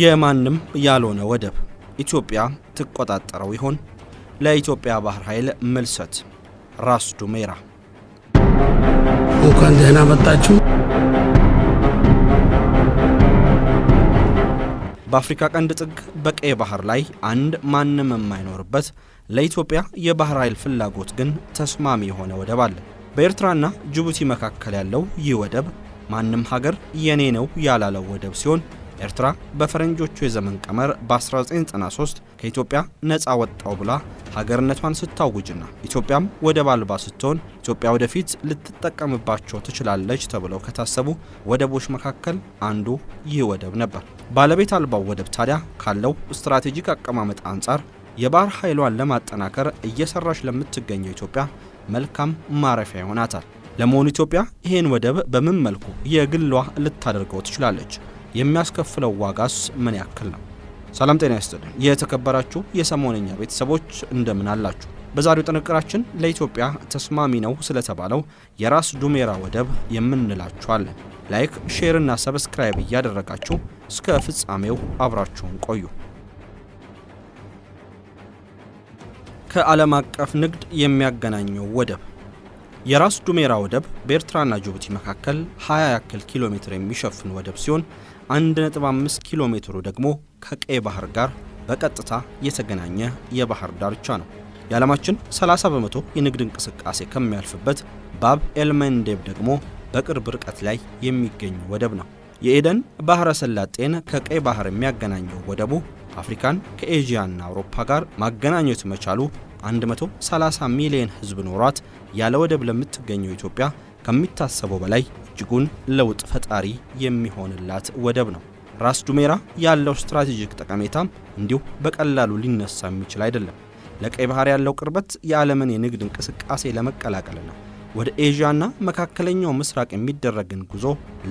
የማንም ያልሆነ ወደብ ኢትዮጵያ ትቆጣጠረው ይሆን? ለኢትዮጵያ ባህር ኃይል ምልሰት ራስ ዱሜራ እንኳን ደህና መጣችሁ። በአፍሪካ ቀንድ ጥግ በቀይ ባህር ላይ አንድ ማንም የማይኖርበት ለኢትዮጵያ የባህር ኃይል ፍላጎት ግን ተስማሚ የሆነ ወደብ አለ። በኤርትራና ጅቡቲ መካከል ያለው ይህ ወደብ ማንም ሀገር የኔ ነው ያላለው ወደብ ሲሆን ኤርትራ በፈረንጆቹ የዘመን ቀመር በ1993 ከኢትዮጵያ ነፃ ወጣው ብላ ሀገርነቷን ስታውጅና ኢትዮጵያም ወደብ አልባ ስትሆን ኢትዮጵያ ወደፊት ልትጠቀምባቸው ትችላለች ተብለው ከታሰቡ ወደቦች መካከል አንዱ ይህ ወደብ ነበር። ባለቤት አልባው ወደብ ታዲያ ካለው ስትራቴጂክ አቀማመጥ አንጻር የባህር ኃይሏን ለማጠናከር እየሰራች ለምትገኘው ኢትዮጵያ መልካም ማረፊያ ይሆናታል። ለመሆኑ ኢትዮጵያ ይህን ወደብ በምን መልኩ የግሏ ልታደርገው ትችላለች? የሚያስከፍለው ዋጋስ ምን ያክል ነው? ሰላም ጤና ይስጥልኝ። የተከበራችሁ የሰሞነኛ ቤተሰቦች እንደምን አላችሁ? በዛሬው ጥንቅራችን ለኢትዮጵያ ተስማሚ ነው ስለተባለው የራስ ዱሜራ ወደብ የምንላችኋለን። ላይክ፣ ሼር እና ሰብስክራይብ እያደረጋችሁ እስከ ፍጻሜው አብራችሁን ቆዩ። ከዓለም አቀፍ ንግድ የሚያገናኘው ወደብ የራስ ዱሜራ ወደብ በኤርትራና ጅቡቲ መካከል 20 ያክል ኪሎ ሜትር የሚሸፍን ወደብ ሲሆን 1.5 ኪሎ ሜትሩ ደግሞ ከቀይ ባህር ጋር በቀጥታ የተገናኘ የባህር ዳርቻ ነው። የዓለማችን 30 በመቶ የንግድ እንቅስቃሴ ከሚያልፍበት ባብ ኤልመንዴብ ደግሞ በቅርብ ርቀት ላይ የሚገኝ ወደብ ነው። የኤደን ባህረ ሰላጤን ከቀይ ባህር የሚያገናኘው ወደቡ አፍሪካን ከኤዥያና አውሮፓ ጋር ማገናኘት መቻሉ 130 ሚሊዮን ሕዝብ ኖሯት ያለ ወደብ ለምትገኘው ኢትዮጵያ ከሚታሰበው በላይ እጅጉን ለውጥ ፈጣሪ የሚሆንላት ወደብ ነው። ራስ ዱሜራ ያለው ስትራቴጂክ ጠቀሜታም እንዲሁ በቀላሉ ሊነሳ የሚችል አይደለም። ለቀይ ባህር ያለው ቅርበት የዓለምን የንግድ እንቅስቃሴ ለመቀላቀልና ወደ ኤዥያና መካከለኛው ምስራቅ የሚደረግን ጉዞ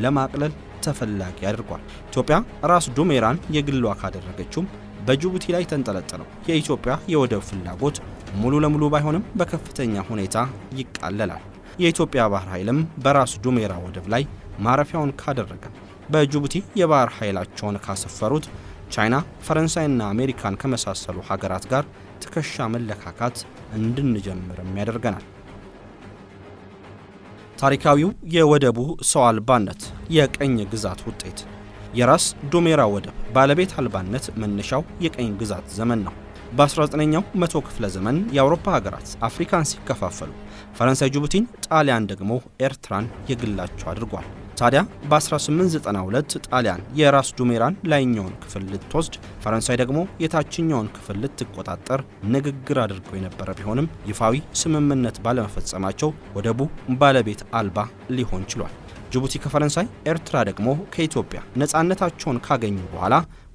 ለማቅለል ተፈላጊ አድርጓል። ኢትዮጵያ ራስ ዱሜራን የግሏ ካደረገችውም በጅቡቲ ላይ ተንጠለጠለው የኢትዮጵያ የወደብ ፍላጎት ሙሉ ለሙሉ ባይሆንም በከፍተኛ ሁኔታ ይቃለላል። የኢትዮጵያ ባህር ኃይልም በራስ ጁሜራ ወደብ ላይ ማረፊያውን ካደረገ በጅቡቲ የባህር ኃይላቸውን ካሰፈሩት ቻይና፣ ፈረንሳይና አሜሪካን ከመሳሰሉ ሀገራት ጋር ትከሻ መለካካት እንድንጀምርም ያደርገናል። ታሪካዊው የወደቡ ሰው አልባነት የቀኝ ግዛት ውጤት የራስ ዱሜራ ወደብ ባለቤት አልባነት መነሻው የቀኝ ግዛት ዘመን ነው። በ19ኛው መቶ ክፍለ ዘመን የአውሮፓ ሀገራት አፍሪካን ሲከፋፈሉ ፈረንሳይ ጅቡቲን፣ ጣሊያን ደግሞ ኤርትራን የግላቸው አድርጓል። ታዲያ በ1892 ጣሊያን የራስ ዱሜራን ላይኛውን ክፍል ልትወስድ ፈረንሳይ ደግሞ የታችኛውን ክፍል ልትቆጣጠር ንግግር አድርገው የነበረ ቢሆንም ይፋዊ ስምምነት ባለመፈጸማቸው ወደቡ ባለቤት አልባ ሊሆን ችሏል። ጅቡቲ ከፈረንሳይ፣ ኤርትራ ደግሞ ከኢትዮጵያ ነፃነታቸውን ካገኙ በኋላ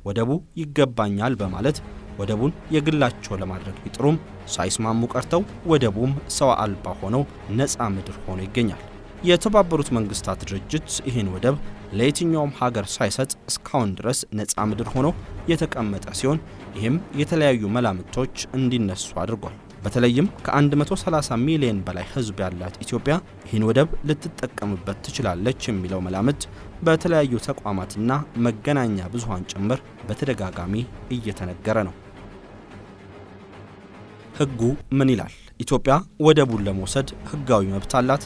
ወደቡ ይገባኛል በማለት ወደቡን የግላቸው ለማድረግ ቢጥሩም ሳይስማሙ ቀርተው ወደቡም ሰው አልባ ሆነው ነፃ ምድር ሆኖ ይገኛል። የተባበሩት መንግስታት ድርጅት ይህን ወደብ ለየትኛውም ሀገር ሳይሰጥ እስካሁን ድረስ ነፃ ምድር ሆኖ የተቀመጠ ሲሆን ይህም የተለያዩ መላምቶች እንዲነሱ አድርጓል። በተለይም ከ130 ሚሊዮን በላይ ሕዝብ ያላት ኢትዮጵያ ይህን ወደብ ልትጠቀምበት ትችላለች የሚለው መላምት በተለያዩ ተቋማትና መገናኛ ብዙሃን ጭምር በተደጋጋሚ እየተነገረ ነው። ህጉ ምን ይላል? ኢትዮጵያ ወደቡን ለመውሰድ ህጋዊ መብት አላት።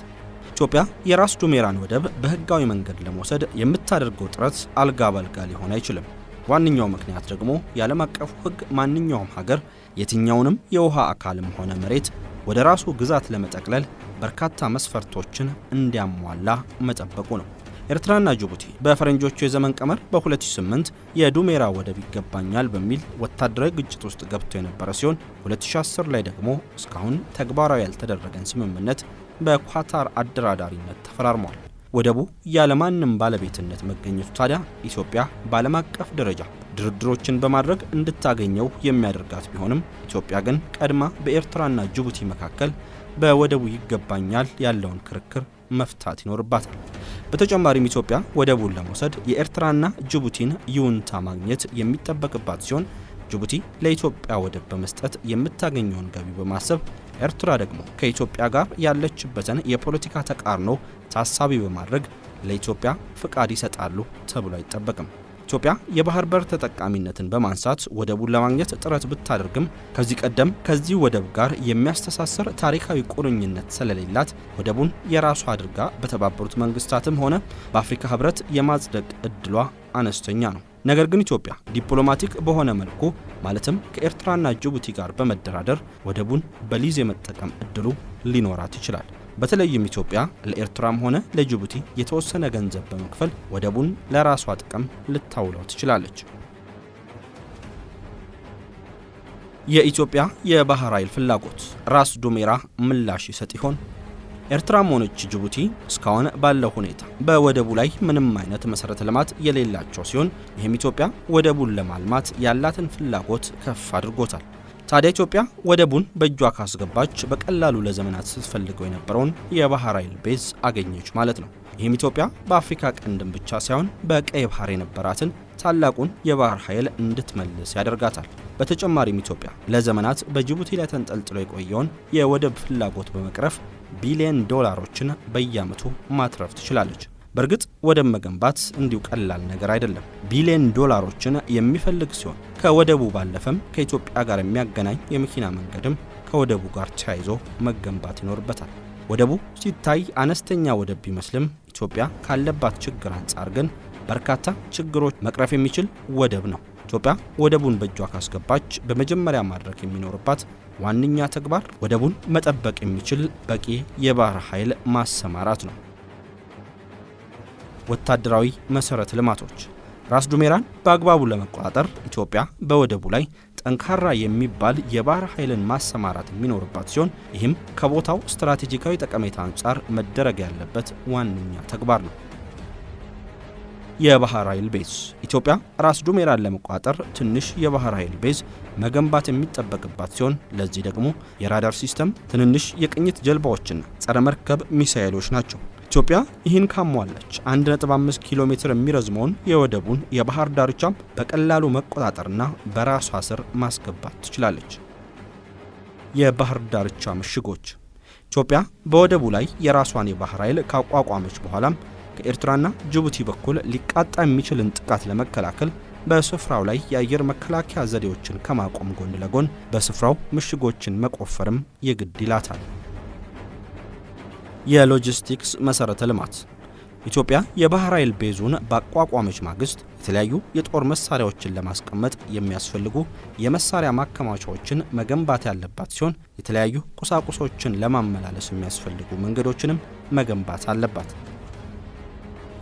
ኢትዮጵያ የራስ ዱሜራን ወደብ በህጋዊ መንገድ ለመውሰድ የምታደርገው ጥረት አልጋ በልጋ ሊሆን አይችልም። ዋነኛው ምክንያት ደግሞ የዓለም አቀፉ ህግ ማንኛውም ሀገር የትኛውንም የውሃ አካልም ሆነ መሬት ወደ ራሱ ግዛት ለመጠቅለል በርካታ መስፈርቶችን እንዲያሟላ መጠበቁ ነው። ኤርትራና ጅቡቲ በፈረንጆቹ የዘመን ቀመር በ2008 የዱሜራ ወደብ ይገባኛል በሚል ወታደራዊ ግጭት ውስጥ ገብቶ የነበረ ሲሆን 2010 ላይ ደግሞ እስካሁን ተግባራዊ ያልተደረገን ስምምነት በኳታር አደራዳሪነት ተፈራርሟል። ወደቡ ያለማንም ባለቤትነት መገኘቱ ታዲያ ኢትዮጵያ በዓለም አቀፍ ደረጃ ድርድሮችን በማድረግ እንድታገኘው የሚያደርጋት ቢሆንም ኢትዮጵያ ግን ቀድማ በኤርትራና ጅቡቲ መካከል በወደቡ ይገባኛል ያለውን ክርክር መፍታት ይኖርባታል። በተጨማሪም ኢትዮጵያ ወደቡን ለመውሰድ የኤርትራና ጅቡቲን ይሁንታ ማግኘት የሚጠበቅባት ሲሆን ጅቡቲ ለኢትዮጵያ ወደብ በመስጠት የምታገኘውን ገቢ በማሰብ ኤርትራ ደግሞ ከኢትዮጵያ ጋር ያለችበትን የፖለቲካ ተቃርኖ ታሳቢ በማድረግ ለኢትዮጵያ ፍቃድ ይሰጣሉ ተብሎ አይጠበቅም። ኢትዮጵያ የባህር በር ተጠቃሚነትን በማንሳት ወደቡን ለማግኘት ጥረት ብታደርግም ከዚህ ቀደም ከዚህ ወደብ ጋር የሚያስተሳስር ታሪካዊ ቁርኝነት ስለሌላት ወደቡን የራሷ አድርጋ በተባበሩት መንግስታትም ሆነ በአፍሪካ ህብረት የማጽደቅ እድሏ አነስተኛ ነው። ነገር ግን ኢትዮጵያ ዲፕሎማቲክ በሆነ መልኩ ማለትም ከኤርትራና ጅቡቲ ጋር በመደራደር ወደቡን በሊዝ የመጠቀም እድሉ ሊኖራት ይችላል። በተለይም ኢትዮጵያ ለኤርትራም ሆነ ለጅቡቲ የተወሰነ ገንዘብ በመክፈል ወደቡን ለራሷ ጥቅም ልታውለው ትችላለች። የኢትዮጵያ የባህር ኃይል ፍላጎት ራስ ዱሜራ ምላሽ ይሰጥ ይሆን? ኤርትራም ሆነች ጅቡቲ እስካሁን ባለው ሁኔታ በወደቡ ላይ ምንም አይነት መሰረተ ልማት የሌላቸው ሲሆን ይህም ኢትዮጵያ ወደቡን ለማልማት ያላትን ፍላጎት ከፍ አድርጎታል። ታዲያ ኢትዮጵያ ወደቡን በእጇ ካስገባች በቀላሉ ለዘመናት ስትፈልገው የነበረውን የባህር ኃይል ቤዝ አገኘች ማለት ነው። ይህም ኢትዮጵያ በአፍሪካ ቀንድም ብቻ ሳይሆን በቀይ ባህር የነበራትን ታላቁን የባህር ኃይል እንድትመልስ ያደርጋታል። በተጨማሪም ኢትዮጵያ ለዘመናት በጅቡቲ ላይ ተንጠልጥሎ የቆየውን የወደብ ፍላጎት በመቅረፍ ቢሊዮን ዶላሮችን በየዓመቱ ማትረፍ ትችላለች። በእርግጥ ወደብ መገንባት እንዲሁ ቀላል ነገር አይደለም። ቢሊዮን ዶላሮችን የሚፈልግ ሲሆን ከወደቡ ባለፈም ከኢትዮጵያ ጋር የሚያገናኝ የመኪና መንገድም ከወደቡ ጋር ተያይዞ መገንባት ይኖርበታል። ወደቡ ሲታይ አነስተኛ ወደብ ቢመስልም ኢትዮጵያ ካለባት ችግር አንጻር ግን በርካታ ችግሮች መቅረፍ የሚችል ወደብ ነው። ኢትዮጵያ ወደቡን በእጇ ካስገባች በመጀመሪያ ማድረግ የሚኖርባት ዋነኛ ተግባር ወደቡን መጠበቅ የሚችል በቂ የባህር ኃይል ማሰማራት ነው። ወታደራዊ መሰረተ ልማቶች ራስ ዱሜራን በአግባቡ ለመቆጣጠር ኢትዮጵያ በወደቡ ላይ ጠንካራ የሚባል የባህር ኃይልን ማሰማራት የሚኖርባት ሲሆን ይህም ከቦታው ስትራቴጂካዊ ጠቀሜታ አንጻር መደረግ ያለበት ዋነኛ ተግባር ነው። የባህር ኃይል ቤዝ ኢትዮጵያ ራስ ዱሜራን ለመቆጣጠር ትንሽ የባህር ኃይል ቤዝ መገንባት የሚጠበቅባት ሲሆን ለዚህ ደግሞ የራዳር ሲስተም፣ ትንንሽ የቅኝት ጀልባዎችና ጸረ መርከብ ሚሳኤሎች ናቸው። ኢትዮጵያ ይህን ካሟለች 1.5 ኪሎ ሜትር የሚረዝመውን የወደቡን የባህር ዳርቻ በቀላሉ መቆጣጠርና በራሷ ስር ማስገባት ትችላለች። የባህር ዳርቻ ምሽጎች ኢትዮጵያ በወደቡ ላይ የራሷን የባህር ኃይል ካቋቋመች በኋላም ከኤርትራና ጅቡቲ በኩል ሊቃጣ የሚችልን ጥቃት ለመከላከል በስፍራው ላይ የአየር መከላከያ ዘዴዎችን ከማቆም ጎን ለጎን በስፍራው ምሽጎችን መቆፈርም የግድ ይላታል። የሎጂስቲክስ መሰረተ ልማት ኢትዮጵያ የባህር ኃይል ቤዙን በአቋቋመች ማግስት የተለያዩ የጦር መሳሪያዎችን ለማስቀመጥ የሚያስፈልጉ የመሳሪያ ማከማቻዎችን መገንባት ያለባት ሲሆን የተለያዩ ቁሳቁሶችን ለማመላለስ የሚያስፈልጉ መንገዶችንም መገንባት አለባት።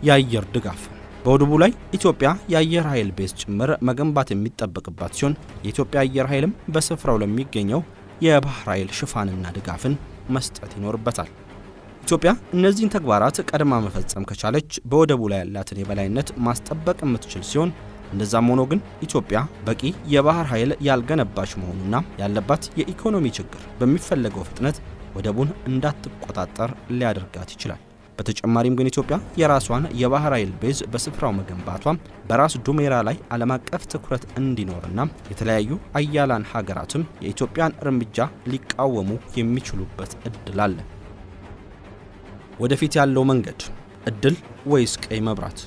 የአየር ድጋፍ በወደቡ ላይ ኢትዮጵያ የአየር ኃይል ቤዝ ጭምር መገንባት የሚጠበቅባት ሲሆን የኢትዮጵያ አየር ኃይልም በስፍራው ለሚገኘው የባህር ኃይል ሽፋንና ድጋፍን መስጠት ይኖርበታል። ኢትዮጵያ እነዚህን ተግባራት ቀድማ መፈጸም ከቻለች በወደቡ ላይ ያላትን የበላይነት ማስጠበቅ የምትችል ሲሆን እንደዛም ሆኖ ግን ኢትዮጵያ በቂ የባህር ኃይል ያልገነባች መሆኑና ያለባት የኢኮኖሚ ችግር በሚፈለገው ፍጥነት ወደቡን እንዳትቆጣጠር ሊያደርጋት ይችላል። በተጨማሪም ግን ኢትዮጵያ የራሷን የባህር ኃይል ቤዝ በስፍራው መገንባቷ በራስ ዱሜራ ላይ ዓለም አቀፍ ትኩረት እንዲኖርና የተለያዩ አያላን ሀገራትም የኢትዮጵያን እርምጃ ሊቃወሙ የሚችሉበት እድል አለ። ወደፊት ያለው መንገድ እድል ወይስ ቀይ መብራት?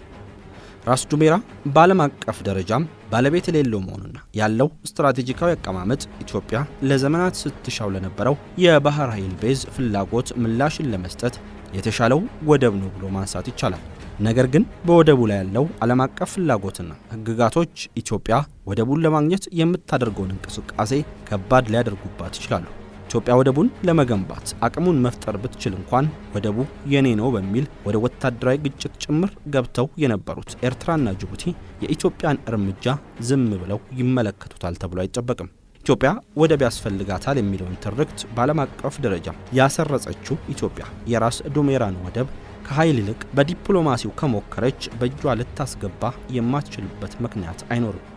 ራስ ዱሜራ በዓለም አቀፍ ደረጃም ባለቤት የሌለው መሆኑና ያለው ስትራቴጂካዊ አቀማመጥ ኢትዮጵያ ለዘመናት ስትሻው ለነበረው የባህር ኃይል ቤዝ ፍላጎት ምላሽን ለመስጠት የተሻለው ወደብ ነው ብሎ ማንሳት ይቻላል። ነገር ግን በወደቡ ላይ ያለው ዓለም አቀፍ ፍላጎትና ሕግጋቶች ኢትዮጵያ ወደቡን ለማግኘት የምታደርገውን እንቅስቃሴ ከባድ ሊያደርጉባት ይችላሉ። ኢትዮጵያ ወደቡን ለመገንባት አቅሙን መፍጠር ብትችል እንኳን ወደቡ የኔ ነው በሚል ወደ ወታደራዊ ግጭት ጭምር ገብተው የነበሩት ኤርትራና ጅቡቲ የኢትዮጵያን እርምጃ ዝም ብለው ይመለከቱታል ተብሎ አይጠበቅም። ኢትዮጵያ ወደብ ያስፈልጋታል የሚለውን ትርክት በዓለም አቀፍ ደረጃ ያሰረጸችው ኢትዮጵያ የራስ ዶሜራን ወደብ ከኃይል ይልቅ በዲፕሎማሲው ከሞከረች በእጇ ልታስገባ የማትችልበት ምክንያት አይኖርም።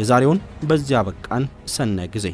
የዛሬውን በዚያ በቃን። ሰናይ ጊዜ